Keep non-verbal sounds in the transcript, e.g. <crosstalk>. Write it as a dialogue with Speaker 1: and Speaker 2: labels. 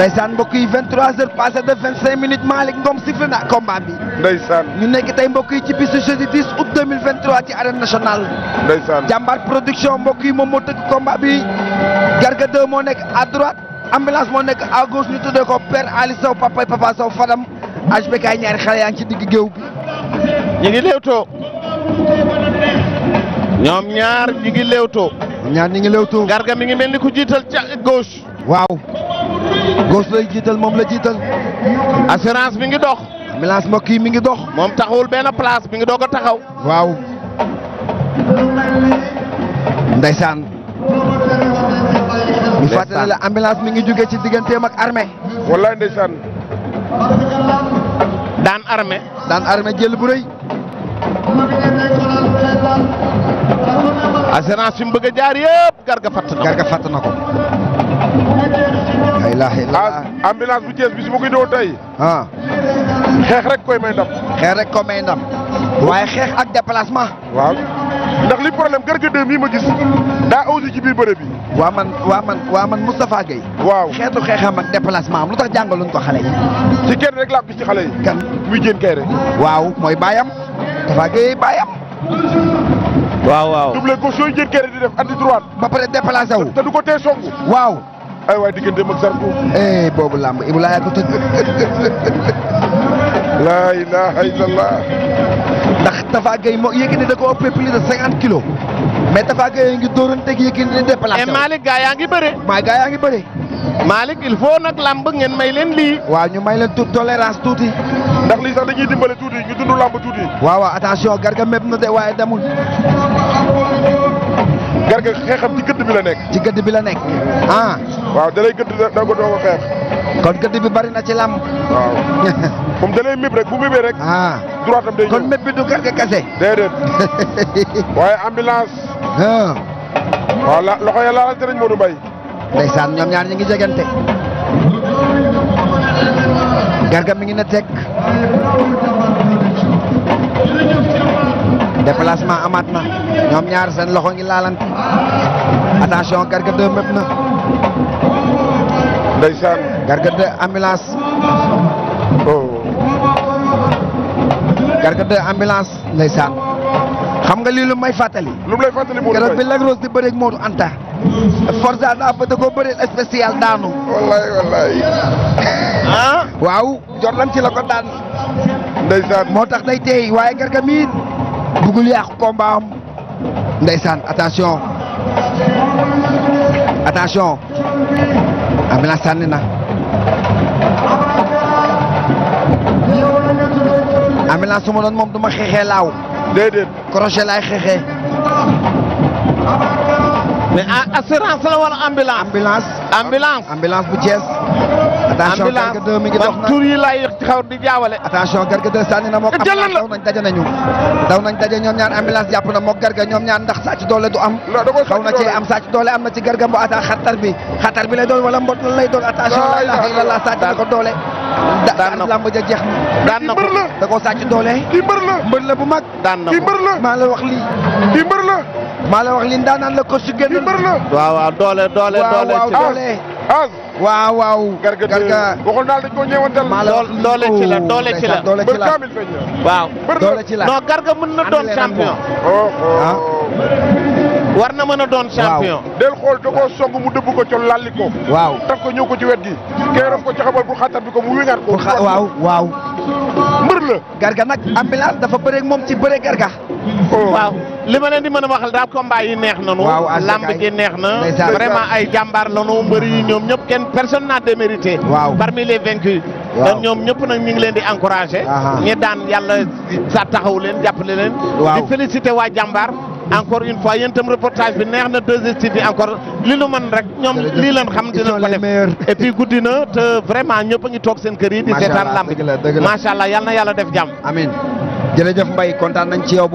Speaker 1: ndeysaan mbokk yi 23 heures passé de 25 minutes Malick Ngom sifflé na bi. ndeysaan ñu nekk tey mbokk yi ci bis jeudi 10 août 2023 ci arène nationale. ndeysaan jàmbaar production mbokk yi moom moo tëgg combat bi Garga 2 moo nekk à droite ambulance moo nekk à gauche ñu tuddee ko père Ali Sow papay papa Sow Fadam HBK ñaari xale yaa ngi ci digg géew bi. ñu ngi léewtoo ñoom ñaar ñu ngi léewtoo ñaar ñu ngi léewtoo Garga mi ngi mel ni ku jiital ca gauche. waaw. gos lay jiital moom la jiital. assurance mi ngi dox. ambulance mbokk yi mi ngi dox. moom taxawul benn place mi ngi doog a taxaw. waaw. Ndeysaan. Ndeysaan ñu fàttali la ambulance mi ngi jóge ci digganteem ak armée. wallaay Ndeysaan. daan armée. daan armée jël bu rëy. assurance fi mu bëgg a jaar yëpp garga fatt na garga fatt na ko. ah ambulance bu ma koy doon tey. ah. xeex rek koy may ndam. xeex rek koy may ndam. waaye xeex ak déplacement. waaw ndax li problème Garga 2 ma gis daa aussi ci biir bëre bi. waa man waa man waa man Moustapha Gueye. waaw xeetu xeexam ak déplacement am lu tax jàngaluñ ko xale yi. ci kenn rek laa gis ci xale yi. kan muy jën kay waaw mooy baayam. Moustapha Gueye baayam. waaw waaw double gauche yooyu jën kay rek di def anti droite. ba pare déplacé wu te du ko tee waaw. ay waay digganteem ak Zarko. eh boobu làmb Ibrahima yaa ko tëj. laa ilaha illallah. ndax Tafa Gueye moo Yékini da ko ëppee plus de cinquante kilos. mais Tafa Gueye ngi dóoranteeg Yékini di déplacé. et eh, Malick gaa yaa ngi bëre. maa gaa yaa ngi bëre. Malick il faut nag làmb ngeen may leen lii. waaw ñu may leen tuut tolérance tuuti. ndax lii sax dañuy dimbale tuuti ñu dund làmb tuuti. waaw waaw attention garga méb na de waaye demul. garga xeexam ci gëdd bi la nekk. ci gëdd bi la nekk ah. waaw da lay gëdd da ko doog a xeex. kon gëdd bi bari na ci lam waaw <laughs> moom da lay mib rek bu mibee rek. ah droitam day ñëw kon méb bi du garga kase. <laughs> waaye ambulance. Ah. waaw la loxo ya laalante nañ Modou Mbaye. ndeysaan ñoom ñaar ñu ngi jegante. garga mi ngi na tekk. déplacement amaat na ñoom ñaar seen loxo ngi laalante attention Garga 2 mépp na. ndeysaan. Garga 2 ambulance. oh. Garga xam nga lii lu may fàttali. lu lay fàttali Modou Anta. Forza daa ba da koo bëree daanu. wallaay wallaay. ah. waaw Jordan ci la ko daan. ndeysaan moo tax day tey waaye Garga bugul yàq combat am ndeysaan attention attention ambulance sànni na ambulance su ma doon moom du ma xeexee laaw. déedéet crochet laay xeexee. mais assurance la wala ambulance. ambulance ambulance bu Thiès. attention ambulance tur yi laay xaw di jaawale. attention garga de sànni na moog. ambulance daw nañ daje nañu. daw nañ daje ñoom ñaar ambulance jàpp na moog garga ñoom ñaar ndax sàcc doole du am. xaw na ci am sàcc doole am na ci garga mbo ata xatar bi xatar bi lay doon wala mbot lan lay doon. attention la ilaha illallah sàcc na ko doole. daan na ko lamb ja jeex na. daan na ko da koo sàcc doole. kii mbër la mbër la bu mag. daan na ko kii mbër la maa la wax lii. kii mbër la. maa la wax lii daan naan la ko su génn. kii mbër la waaw waaw doole doole doole. waaw waaw doole as waaw waaw. garga waxoon daal dañ ko ñeewantal. doole ci la doole ci la doole ci la waaw. doole ci la non garga mën na doon champion. Oh, oh. Ah. war na mën a doon champion. del xool da koo song mu dëbb ko col lalli ko. waaw taf ko ñëw ko ci wet gi. keroog ko ci xabal bu xatar bi ko mu wéñaat ko. waaw waaw. la. garga nag ambulance dafa bëreeg moom ci bëre garga. Oh. waaw li ma leen di mën a waxal daal combat yi neex nanu waaw lamb gi neex na. vraiment ay jàmbaar lanu mbëri yi ñoom ñëpp kenn personne n'a démérité. parmi les vaincus. waaw ñoom ñëpp nag ñu leen di encouragé. ñi daan yàlla sa taxaw leen la leen. waaw di félicité waa jàmbaar. encore une fois yéen itam reportage bi neex na 2STV encore li nu mën rek ñoom lii leen xam dinañ ko def et puis guddi na vraiment ñëpp a ngi toog seen kër yi di seetaan lamb macha allah yal na yàlla def jàmm amiin jërëjëf Mbaye kontaan nañ ci yow